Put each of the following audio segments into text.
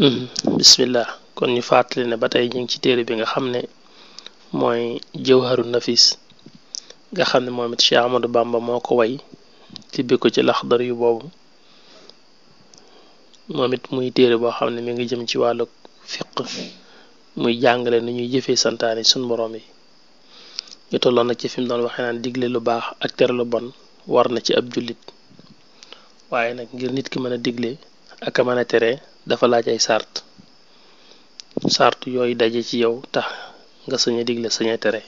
Mm-hmm. bismillah kon ñu fàttali na ba tey ñu ngi ci téere bi nga xam ne mooy jawharu nafis nga xam ne moom it Cheikh Ahmadou Bamba moo ko way tibbi ko ci laxdar yu boobu moom it muy téere boo xam ne mi ngi jëm ci wàllu fiq muy jàngale nu ñuy jëfee santaane sun borom yi ñu tolloon nag ci fi mu doon waxee naan digle lu baax ak tere lu bon war na ci ab jullit waaye nag ngir nit ki mën a digle ak a mën a tere dafa laaj ay sart sart yooyu daje ci yow tax nga sañ a digle sañ tere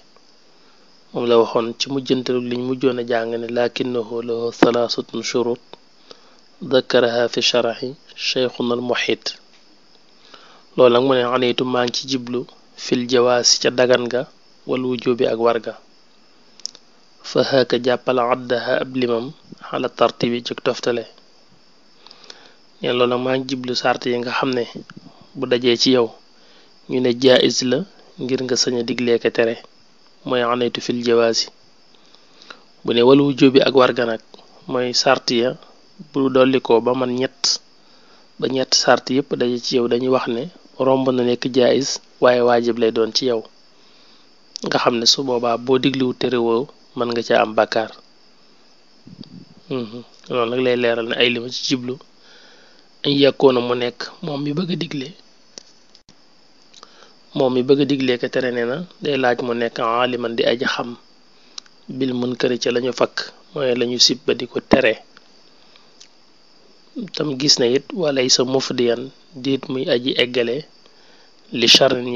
moom la waxoon ci mujjantalu liñ mujjoon a jàng ne lakinnahu lahu thalaathatun shurut dakaraha fi sharaxi cheikhuna al muhit loolu nag mu ne aneytu maa ngi ci jiblu fil jawaasi ca dagan ga wal wujubi ak warga fa haka jàppal ab limam xala tartibi ci toftale ne loolu nag ngi jiblu sart yi nga xam ne bu dajee ci yow ñu ne jaayis la ngir nga sañ a tere mooy anaytu fil jawaasi bu ne wala wujjoo bi ak warga nag mooy sart ya bu dolli ko ba man ñett ba ñett sart yépp daje ci yow dañuy wax ne romb na nekk jaayis waaye waajib lay doon ci yow nga xam ne su boobaa boo digluwu tere woo mën nga ca am bàkkaar hmm, loolu nag lay leeral ne ay li ci jiblu an mu nekk moom mi bëgg a digle moom mi bëgg a digle ka na day laaj mu nekk aaliman di aji xam bil mun lañu fakk mooy lañu sib ba ko tere tam gis na it wala sa mufdiyan li charni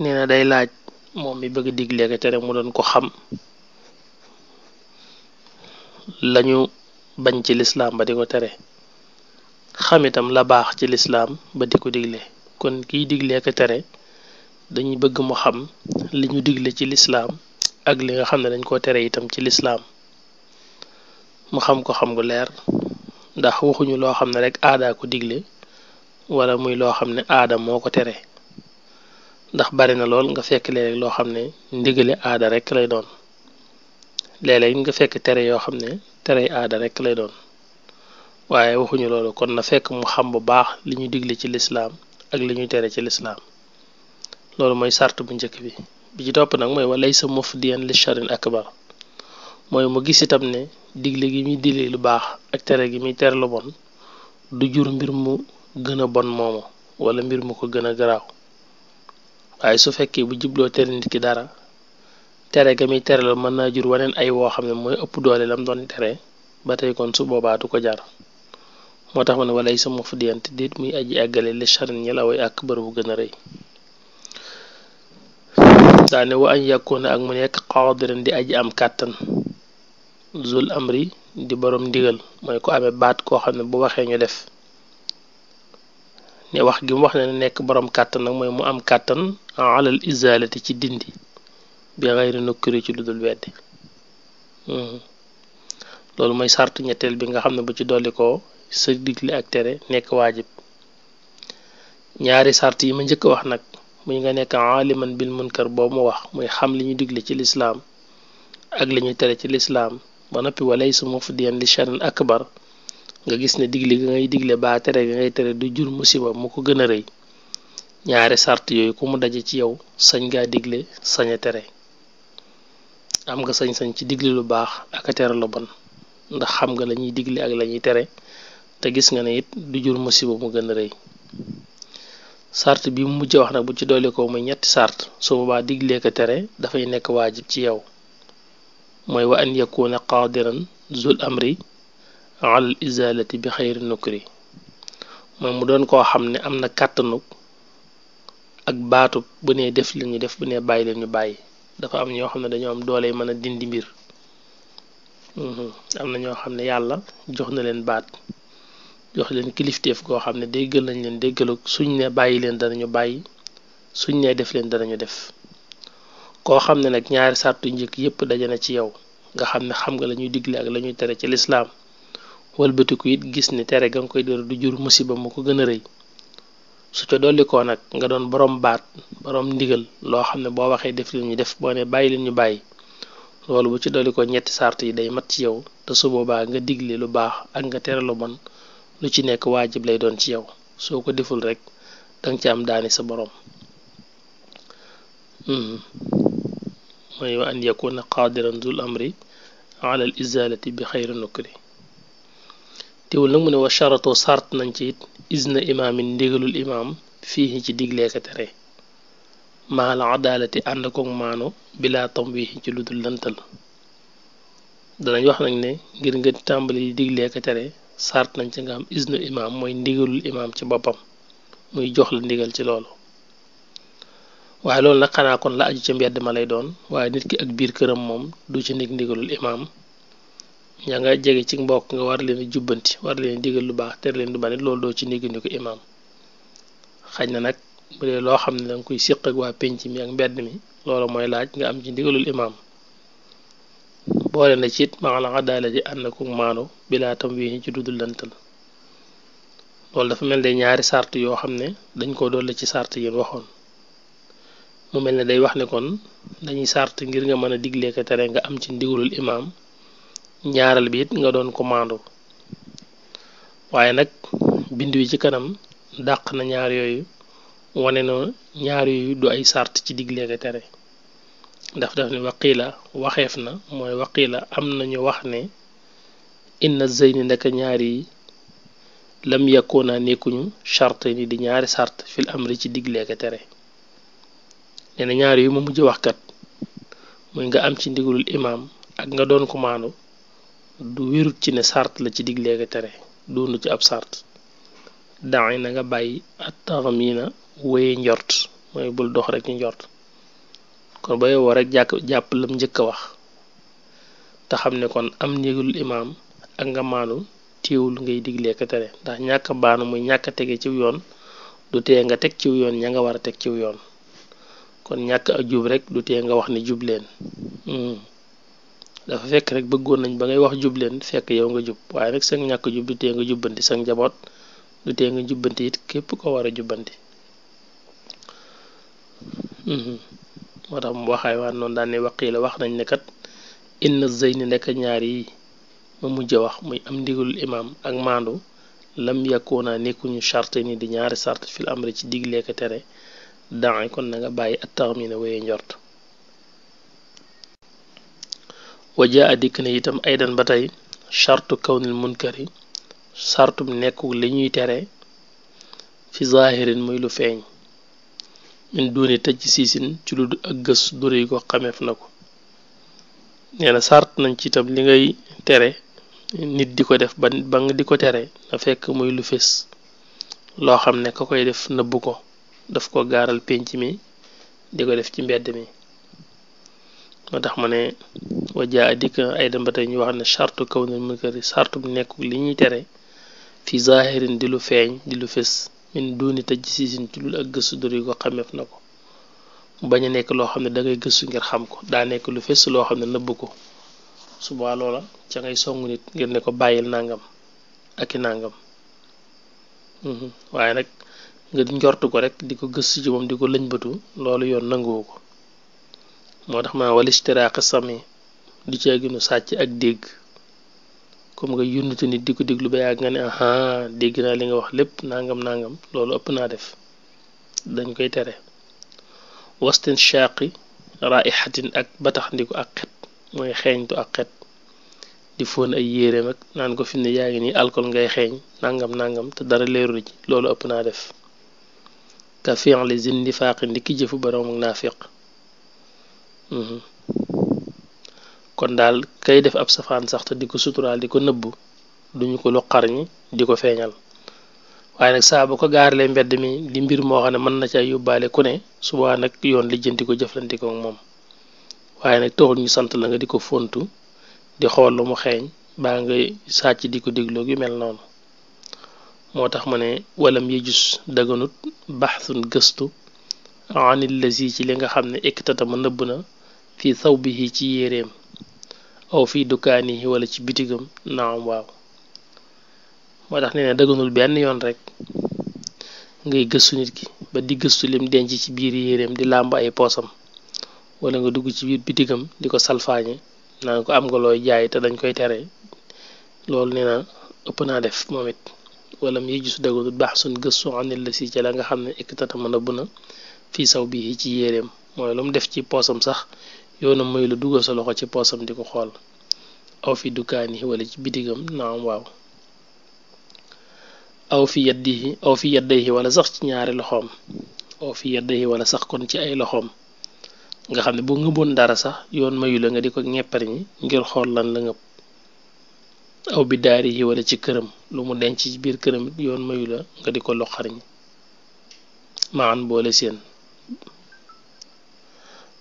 ñel day laaj moom mi bëgg digle ka tere mu doon ko xam lañu bañ ci lislaam ba di ko tere xam itam la baax ci lislaam ba di ko digle kon kiy digle ko tere dañuy bëgg mu xam li ñu digle ci lislaam ak li nga xam ne dañ koo tere itam ci lislaam mu xam ko xam gu leer ndax waxuñu loo xam ne rek aadaa ko digle wala muy loo xam ne aada moo ko tere ndax bari na lool nga fekk léeg loo xam ne ndigale aada rek lay doon léeg nga fekk tere yoo xam ne terey aada rekk lay doon waaye waxuñu loolu kon na fekk mu xam bu baax li ñu digle ci lislaam ak li ñuy tere ci lislaam loolu mooy sart bu njëkk bi bi ci topp nag mooy walay sa mufdiyan li charin akbar mooy mu gis itam ne digle gi muy digle lu baax ak tere gi muy tere lu bon du jur mbir mu gën a bon moomu wala mbir mu ko gën a garaaw waaye su fekkee bu jubloo tere nit ki dara tere ga muy tere loolu mën naa jur waneen ay woo xam ne mooy ëpp doole lam doon tere ba tey kon su boobaa du ko jar moo tax ma ne ay sama fu diyante dit muy aji àggale li charin ñi la way ak bërëb bu gën a rëy daane wa añ yàkkoona ak mu nekk xawadiran di aji am kàttan zul amri di borom ndigal mooy ko amee baat koo xam ne bu waxee ñu def ne wax gi mu wax ne nekk boroom kàttan nag mooy mu am kàttan alal izalati ci dindi bi xayri nukkuri ci lu dul weddi hmm. loolu mooy sartu ñetteel bi nga xam ne bu ci dolli ko sa digle ak tere nekk waajib ñaari sart yi ma njëkk wax nag muy nga nekk aaliman bil munkar boo mu wax muy xam li ñu digle ci lislaam ak li ñu tere ci lislaam ba noppi walay su mufdiyan li sharin akbar nga gis ne digle ga ngay digle baa tere ga ngay tere du jur musiba mu ko gën a rëy ñaari sart yooyu ku mu daje ci yow sañ ngaa digle sañ tere am nga sañ-sañ ci digle lu baax ak a tere lu ndax xam nga lañuy digle ak lañuy tere te gis nga ne it du jur musiba mu gën a rëy sart bi mu mujj wax nag bu ci doole ko muy ñetti sart su boobaa diglee ko tere dafay nekk waajib ci yow mooy wa an yakuna qadiran zul amri al izalati bi xayri nukri mooy mu doon koo xam ne am na kàttanug ak baatub bu nee def li ñu def bu ne bàyyi leen ñu bàyyi dafa am ñoo xam ne dañoo am doole mën a dindi mbir mhm. am na ñoo xam ne yàlla jox na leen baat jox leen kilifteef goo xam ne déggal nañ leen déggalu suñ ne bàyyi leen danañu bàyyi suñ nee def leen danañu def koo xam ne nag ñaari sàrtu njëkk yépp daje na ci yow nga xam ne xam nga la ñuy digle ak la ñuy tere ci lislaam walbatiku it gis ne tere ga nga koy dër du jur musiba mu ko gën a rëy su ca dollikoo nag nga doon boroom baat boroom ndigal loo xam ne boo waxee def leen ñu def boo ne bàyyi leen ñu bàyyi loolu bu ci dollikoo ñetti sart yi day mat ci yow te su boobaa nga digle lu baax ak nga tere lu bon lu ci nekk waajib lay doon ci yow soo ko deful rek danga ci am daani sa borom hmm. mooy wa an yakuna qadiran zul amri ala al izalati bi xayri nukri teewul nag mu ne wa charatoo sart nañ ci it isna imaamin ndigalul imaam fii ci digleeka tere maal adaalati ànd koog maano bilaa tamwihi ci lu dul lëntal danañ wax nag ne ngir nga tàmbali di digleeka tere sart nañ ci nga am isnu imaam mooy ndigalul imaam ci boppam muy jox la ndigal ci loolu waaye loolu nag xanaa kon la aju ca mbedd ma lay doon waaye nit ki ak biir këram moom du ci ndig ndigalul imaam yaa nga jege ci mbokk nga war leen jubbanti war leen digal lu baax te leen lu bari loolu doo ci négandi ko imaam xaj na nag bu loo xam ne danga koy siq ak waa penc mi ak mbedd mi loolu mooy laaj nga am ci ndigalul imaam boole na ci it maanaam xadaala ji ànd ku maano bilaa tam wii ci dudul lantal loolu dafa mel ne ñaari sart yoo xam ne dañ ko doole ci sart yi waxoon mu mel ne day wax ne kon dañuy sart ngir nga mën a diglee ko tere nga am ci ndigalul imaam ñaareel bi it nga doon commando waaye nag bind wi ci kanam dàq na ñaar yooyu wane na ñaar yooyu du ay sart ci digle ak tere daf daf ni waqiila waxeef na mooy waqiila am nañu wax ne inna zeyni ndaka ñaar yi lam yakkoona nekkuñu chart ni di ñaari sart fil amri ci digle ak tere nee na ñaar yooyu ma mujj waxkat muy nga am ci ndigalul imaam ak nga doon commando du wérut ci ne sart la ci digle digleega tere doonu ci ab sart dani na nga bàyyi at taxam yi na wéye njort mooy bul dox rek njort kon ba yowoo rek jàkk jàpp lam njëkk a wax te xam ne kon am néegul imaam ak nga maanu téewul ngay digleeka tere ndax ñàkk baanu muy ñàkk tege ciw yoon du tee nga teg ciw yoon ña nga war a teg ciw yoon kon ñàkk a jub rek du téye nga wax ne jub leen hmm. dafa fekk rek bëggoon nañ ba ngay wax jubleen fekk yow nga jub waaye nag sang ñàkk jub du tee nga jubbanti sang njaboot du tee nga jubbanti it képp ko war a jubbanti mhm. moo tax mu waxaay waan noonu daan ne waqii la wax nañ ne kat inn zeyni nekk ñaari yi ma mujj wax muy am ndigalul imaam ak maandu lam yakkoona nekkuñu charte ni di ñaari sart fil amri ci diglee ko tere daan kon na nga bàyyi attax mi ne wéye njort wajaa dikk na itam aydan ba tey chartu kawnil munkari chartum nekku li ñuy tere fi zahirin muy lu feeñ min duuni tëj siisin ci lu ak dure yi ko xameef na ko nee na sart nañ ci itam li ngay tere nit di ko def ba ba nga di ko tere na fekk muy lu fés loo xam ne ka koy def nëbb ko daf ko gaaral pénc mi di ko def ci mbedd mi moo tax ma ne wajaa dikk ay dem ba tey ñu wax ne chartu kaw na munkari chartu bu nekk li ñuy tere fi zahirin di lu feeñ di lu fës min duuni tëj si ci lul ak gëstu dër yi ko xameef na ko bañ a nekk loo xam ne da ngay gëstu ngir xam ko daa nekk lu fës loo xam ne nëbb ko subaa loola ca ngay songu nit ngir ne ko bàyyil nangam ak i nangam mhm. waaye nag nga njortu ko rek di ko gëstu ci moom di ko lëñbatu loolu yoon nanguwu ko moo tax ma wal ishtiraaqi sami du ceeginu sàcc ak dégg comme nga yunnitu nit di ko déglu ba yàgg nga ne aha dégg naa li nga wax lépp nangam nangam loolu ëpp naa def dañ koy tere wastin shaaqi raixatin ak batax ndiku ak xet mooy xeeñtu ak xet di fóon ay yéere mag naan ko fi mu ne yaa ngi nii alcool ngay xeeñ nangam nangam te dara leerul ci loolu ëpp naa def ka fi'li zin nifaaqi ndiki jëfu boroom ak naafiq Mhm. kon daal kay def ab safaan sax te di ko suturaal di ko nëbbu duñu ko lu xarñi di ko feeñal waaye nag saa ko gaaralee mbedd mi di mbir moo xam ne mën na ca yóbbaale ku ne subaa nag yoon lijjanti ko jëflanti moom waaye nag taxul ñu sant la nga di ko fontu di xool lu mu xeeñ baa nga sàcc di ko dégloo yu mel noonu moo tax ma ne walam yejus daganut baxsun gëstu anil lazi ci li nga xam ne ikkitata ma nëbb na fi thawbihi ci yéreem aw fi dukaanihi wala ci bitigam naam waaw moo tax nee na daganul benn yoon rek ngay gëstu nit ki ba di gëstu lim denc ci biir yéreem di làmb ay poosam wala nga dugg ci biir bitigam di ko salfaañe naa ko am nga looy jaay te dañ koy tere loolu nee na ëpp naa def moom it wala mu yëjus daganul baax suñ gëstu anil la si ca la nga xam ne ekkitata mën a na fii saw bii ci yéreem mooy lu mu def ci poosam sax yoonam mooy la dugal sa loxo ci poosam di ko xool aw fi dukkaan walla ci bitigam naam waaw aw fi yaddihi aw fi yaddihi wala sax ci ñaari loxoom aw fi yaddihi wala sax kon ci ay loxoom nga xam ne boo ngëboon dara sax yoon mayu la nga di ko ñeppar ñi ngir xool lan la ngëb aw bi daari yi wala ci këram lu mu denc ci biir këram yoon mayu la nga di ko loxar ñi maan boole seen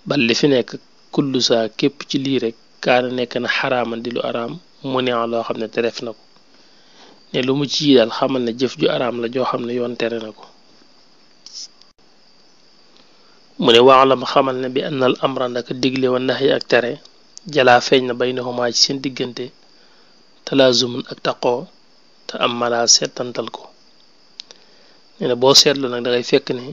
bal li fi nekk kullu saa képp ci lii rek kaana nekk na xaraaman di lu araam mu ne loo xam ne teref na ko ne lu mu ci daal xamal ne jëf ju araam la joo xam ne yoon tere na ko mu ne wax la waalam xamal ne bi ann al amra ndaka digle wa nax ak tere jalaa feeñ na bay baynahuma ci seen diggante talaazumun ak taqoo te am malaa seetantal ko nee na boo seetlu nag dangay fekk ne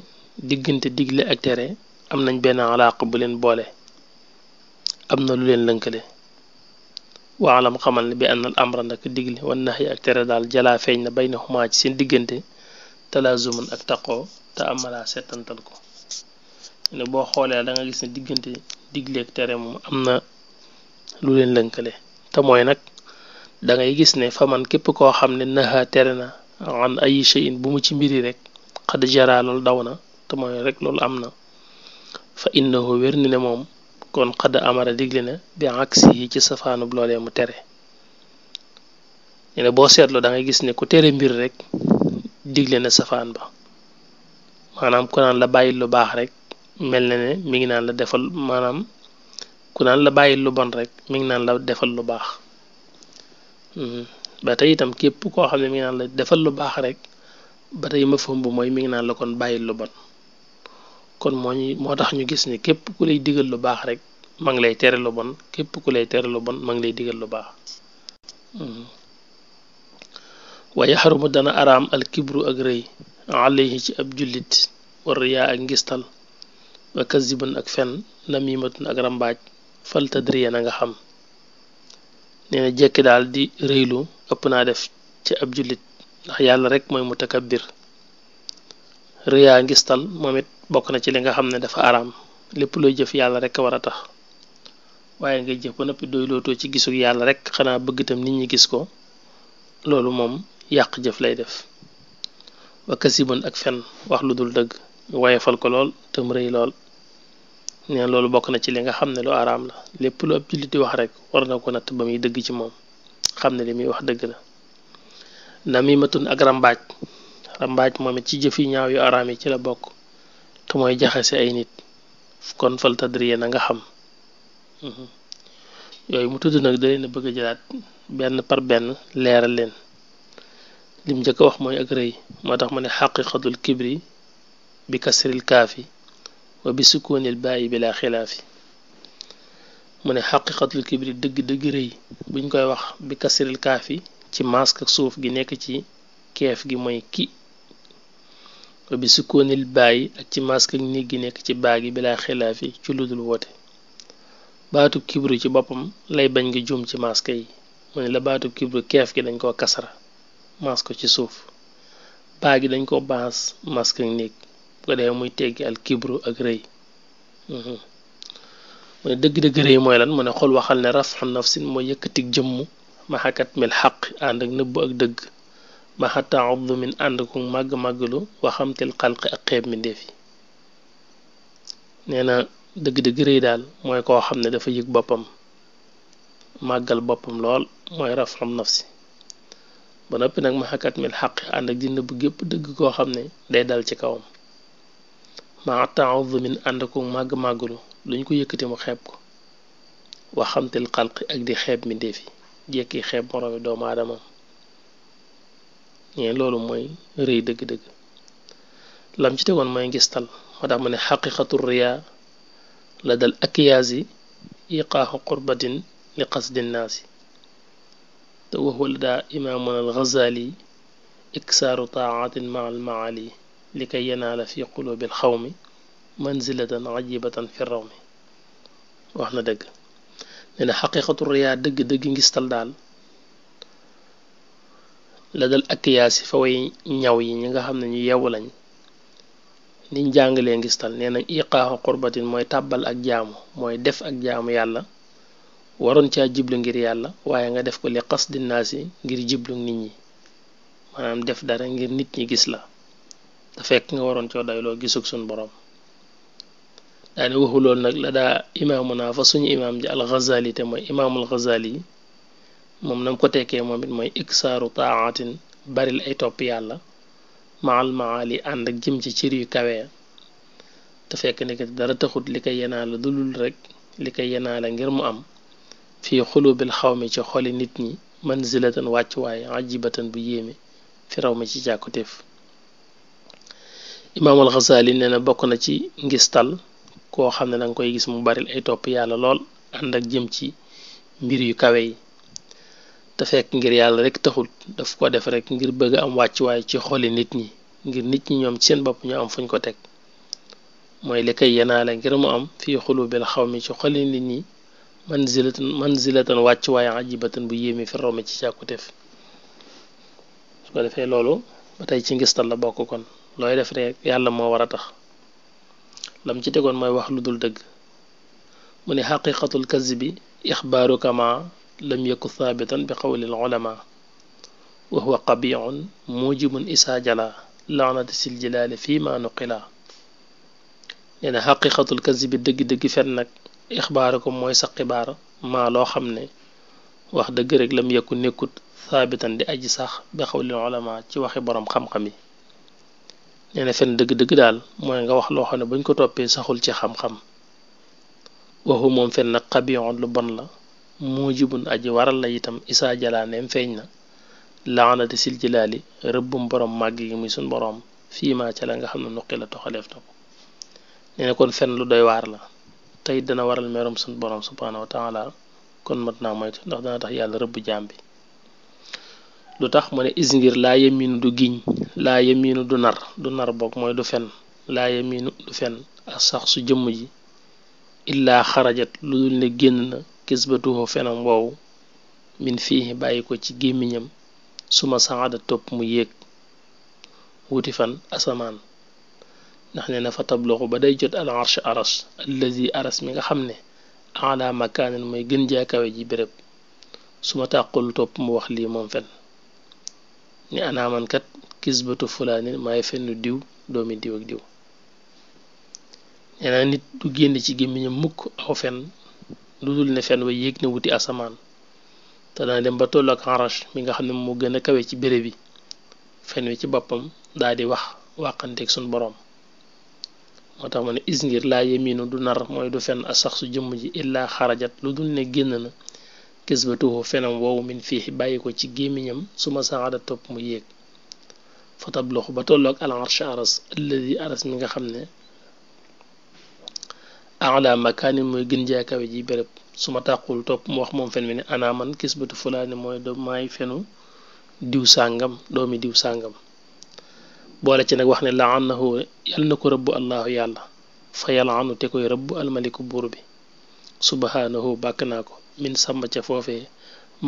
diggante digle ak tere am nañ benn alaaq bu leen boole am na lu leen lënkale waalam xamal ne bi an al amra nag digle wan nax ak tere daal jalaa feeñ na bay na xumaa ci seen diggante talaazuman ak taqoo te amalaa settantal ko boo xoolee da nga diggante digle tere moom am na lu leen lënkale te mooy nag dangay gis ne man képp koo xam ne naxa tere na an ay shay'in bu mu ci mbiri rek xad jara loolu daw na te mooy rek loolu am na fa innahu wér ni ne moom kon xadd amara digle na bi aksi yi ci safaanub loolee mu tere ne boo seetlu da gis ne ku tere mbir rek digle na safaan ba maanaam ku naan la bàyyil lu baax rek mel na ne mi ngi naan la defal maanaam ku naan la bàyyil lu bon rek mi ngi naan la defal lu baax hmm. ba tey itam képp koo xam ne mi ngi naan la defal lu baax rek ba tey ma fomb mooy mi ngi naan la kon bàyyil lu bon kon moo ñu moo tax ñu gis ni képp ku lay digal lu baax rek ma lay tere lu bon képp ku lay tere lu bon ma ngi lay digal lu baax hmm. wa yaxarumu dana araam al kibru ak rëy alayhi ci ab jullit war riyaa ak ngistal wa kaziban ak fen namimatun ak rambaaj fal tadriya na nga xam nee na daal di rëylu ëpp naa def ci ab jullit ndax yàlla rek mooy mutakabbir riyaa ngistal bokk na ci li nga xam ne dafa araam lépp looy jëf yàlla rek war a tax waaye ngay jëf ba noppi doy lootoo ci gisul yàlla rek xanaa bëgg itam nit ñi gis ko loolu moom yàq jëf lay def ba kasibun ak fen wax lu dul dëgg ñu woyefal ko lool tëm rëy lool loolu bokk na ci li nga xam ne lu araam la lépp lu ab jullit di wax rek war na ko natt ba muy dëgg ci moom xam ne li muy wax dëgg la namimatun ak rambaaj rambaaj moom ci jëf yi ñaaw yu araam yi ci la bokk te mooy jaxase ay nit kon fal tadriye na nga xam mhm. yooyu mu tudd nag da leen bëgg jalaat benn par benn leeral leen lim njëkk a wax mooy ak rëy moo tax ma ne xaqiqatul kibri bi kasril kaafi wa bi sukunil bàyyi bi laa xilaafi mu ne xaqiqatul kibri dëgg dëgg rëy buñ koy wax bi kasril kaafi ci masque suuf gi nekk ci keef gi mooy ki wa bi sukkoonil bàyyi ak ci mask ak néeg gi nekk ci baagi bilaa xilaaf yi ci ludul woote baatub kibru ci boppam lay bañ ngi juum ci mask yi mu ne la baatub kibru keef gi dañ koo kasara mas ko ci suuf baagi dañ koo baas mask ak néeg bu ko defee muy teggi al kibru ak rëy mhm. mu ne dëgg-dëgg rëy mooy lan mu ne xol waxal ne rafaxu nafsin mooy yëkkatik jëmm maxakat mel xaq ànd ak nëbb ak dëgg ma xataa obdu min ànd ku màgg màgglu waxamtil xalqi ak xeeb mi ndéef yi nee na dëgg-dëgg rëy daal mooy koo xam ne dafa yëg boppam màggal boppam lool mooy rafam nafsi ba noppi nag ma xakkat xaq ànd ak di nëbb gépp dëgg koo xam ne day dal ci kawam ma xataa obdu min ànd ku màgg màgglu luñ ko yëkkati mu xeeb ko waxamtil xalqi ak di xeeb mi ndéef yi jekki xeeb moromi doomu aadamam loolu mooy rëy dëgg-dëgg lam ci tegoon mooy ngistal moo tax mu ne xaqiqatu riya la dal akiyaasi iqaaxu qurbatin li qasdi naasi te waxu la daa imaamun al ghazali iksaaru taatin ma al maali li kay yanaala fi qulubi al xawmi manzilatan ajibatan fi rawmi wax na dëgg nee na xaqiqatu riya dëgg-dëgg ngistal daal la dal akkiyaas yi fa way ñaw yi ñi nga xam ne ñu yewu lañ niñ jàngalee ngistal nee nañ iqaaxu qurbatin mooy tàbbal ak jaamu mooy def ak jaamu yàlla waroon caa jiblu ngir yàlla waaye nga def ko li xas dinaas ngir jiblu nit ñi maanaam def dara ngir nit ñi gis la te fekk nga waroon coo dayloo gisug suñ borom daane waxu loolu nag la daa imaamu naa fa suñu imaam ji al Ghazali te mooy imaamul Ghazali moom nam ko tekkee moom it mooy iksaaru taatin baril ay topp yàlla maal maali ànd ak jëm ci cër yu kawe te fekk ni dara taxut li koy yenaa la dulul rek li koy yenaa la ngir mu am fii xulubil xaw mi ci xoli nit ñi mën manzilatan wàccuwaay ajibatan bu yéeme fi raw mi ci càkkutéef imaamal xasaali nee na bokk na ci ngistal koo xam ne danga koy gis mu baril ay topp yàlla lool ànd ak jëm ci mbir yu kawe yi te fekk ngir yàlla rek taxul daf ko def rek ngir bëgg am wàcc wàccuwaay ci xoli nit ñi ngir nit ñi ñoom ci seen bopp ñu am fuñ ko teg mooy lekk koy yenaale ngir mu am fii xulubil xaw mi ci xoli nit ñi manzilatan manzilatan wàccuwaay ajibatan bu yéemi fi rawmi ci càkkutéef su ko defee loolu ba tey ci ngistal la bokk kon looy def rek yàlla moo war a tax lam ci tegoon mooy wax lu dul dëgg mu ne xaqiqatul kazi bi ixbaaru kama لم يكن ثابتا بقول العلماء وهو قبيع موجب إساجلا لعنة السجلال فيما نقلا يعني حقيقة الكذب دق دق فنك إخباركم موسى قبار ما لو خمني واخ رك لم يكن نكت ثابتا دي بقول العلماء تي واخي بروم خم خمي يعني فن دق دق دال موي nga wax lo xone buñ وهو من فن قبيع لبنلا muujibun aji waral la itam isaa jalaaneem feeñ na laanati sil jilaali rëbbum borom màgg gi muy suñ borom fii ma ca la nga xam ne nuqi la toxaleef na ko nee na kon fenn lu doy waar la tey dana waral merom suñ borom subhaanahu wa kon mat naa moytu ndax dana tax yàlla rëbb jaam bi lu tax mu ne is ngir laa yeminu du giñ laa yeminu du nar du nar boog mooy du fen laa yeminu du fen ak sax su jëmm ji illaa xarajat lu dul ne génn na kisbatuhu fenam woowu min fii bàyyi ko ci gémmiñam suma saada topp mu yéeg wuti fan asamaan ndax ne na fa tabloxu ba day jot al arsh aras allazi aras mi nga xam ne ala makaanin gën jaakawe ji béréb su ma tàqul topp mu wax lii moom fen ni anaaman kat kisbatu fulaanin maay fenn diw doomi diw diw nee nit du génn ci gémmiñam mukk aw fen lu dul ne fen wa yéeg na wuti asamaan te dana dem ba toll ak xarash mi nga xam ne moo gën a kawe ci béréb yi fen wi ci boppam daal di wax wàqanteeg suñ boroom moo tax ma ne is ngir laa yeminu du nar mooy du fen a sax su jëmm ji illaa xarajat lu dul ne génn na kis ba tuuxu fenam woowu min fii bàyyi ko ci gémmiñam su ma saxaada topp mu yéeg fa tabloxu ba tolloog al arsh aras alladi aras mi nga xam ne ala makani mooy gën jeekawe ji béréb su ma tàqul topp mu wax moom fen mene ana man kis bëtu fulaani mooy do maay fenu diw sàngam doomi diw sàngam boole ci nag wax ne laanahu yàlla na ko rëbb allahu yàlla fa yalaanu te koy rëbb almaliku buur bi subhanahu bàkk naa ko min sàmma ca foofee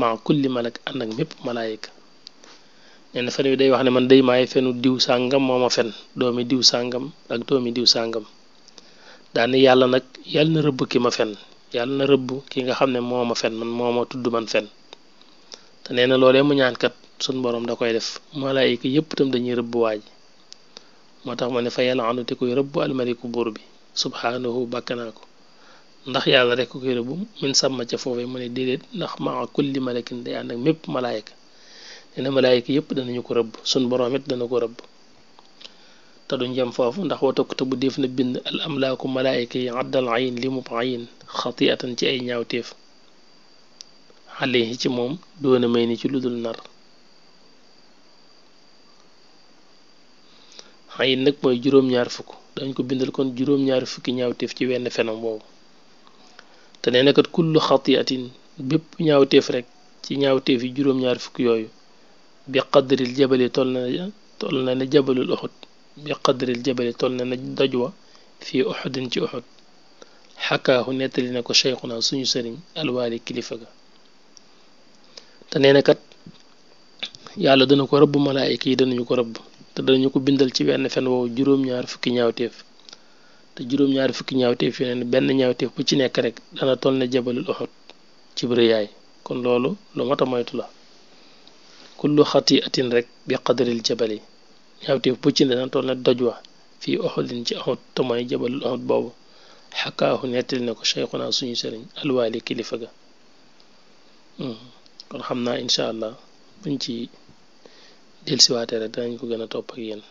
maa kulli malak ànd ak mépp malaayika neen fen wi day wax ne man day maay fenu diw sàngam moo ma fen doomi diw sàngam ak doomi diw sàngam daani yàlla nag yàlla na rëbb ki ma fen yàlla na rëbb ki nga xam ne moo ma fen man moo ma tudd man fen te nee na loolee mu ñaankat sun borom da koy def malaayika yëpp tam dañuy rëbb waaj moo tax ma ne fa yàlla anuti kuy rëbb almaliku bi subhaanahu bàkk naa ko ndax yàlla rek koy rëbb min sàmma ca foofee mu ne déedéet ndax maa kulli malakin day ànd ak mépp malaayika nee malaayika yépp danañu ko rëbb sun borom dana ko rëbb te duñ yem foofu ndax wata kutabu def na bind al amlaaku malaayika yi àddal ayin li mu ayin xatiatan ci ay ñaawteef xale yi ci moom doona may ni ci ludul nar ayin nag mooy juróom-ñaar fukk dañ ko bindal kon juróom-ñaari fukki ñaawteef ci wenn fenam boobu te nee na kat kullu xatiatin bépp ñaawteef rek ci ñaawteef yi juróom-ñaar fukk yooyu bi qadril jabali toll na toll na ne jabalul uxut bi qadril jabali toll na daj wa fii uxudin ci uxud xakaahu nettali na ko cheikhuna suñu sëriñ alwaali kilifa ga te nee yàlla dana ko rëbb malaayika yi danañu ko rëbb te danañu ko bindal ci wenn fen woowu juróom-ñaar fukki ñaawteef te juróom-ñaar fukki ñaawteef yeneen benn ñaawteef bu ci nekk rek dana toll ne jabalul uxud ci rëyaay kon loolu lu mat a moytu la kullu xatiatin rek bi qadril jabali ñaawteef bu ci ne dana toll na doj wa fii oxodin ci oxod te mooy jabalul oxod boobu xakaahu nettali na ko cheikhuna suñu sëriñ alwaali kilifa ga hmm. kon xam naa incha allah buñ ci dellusiwaatee rek danañ ko gën a topp ak yéen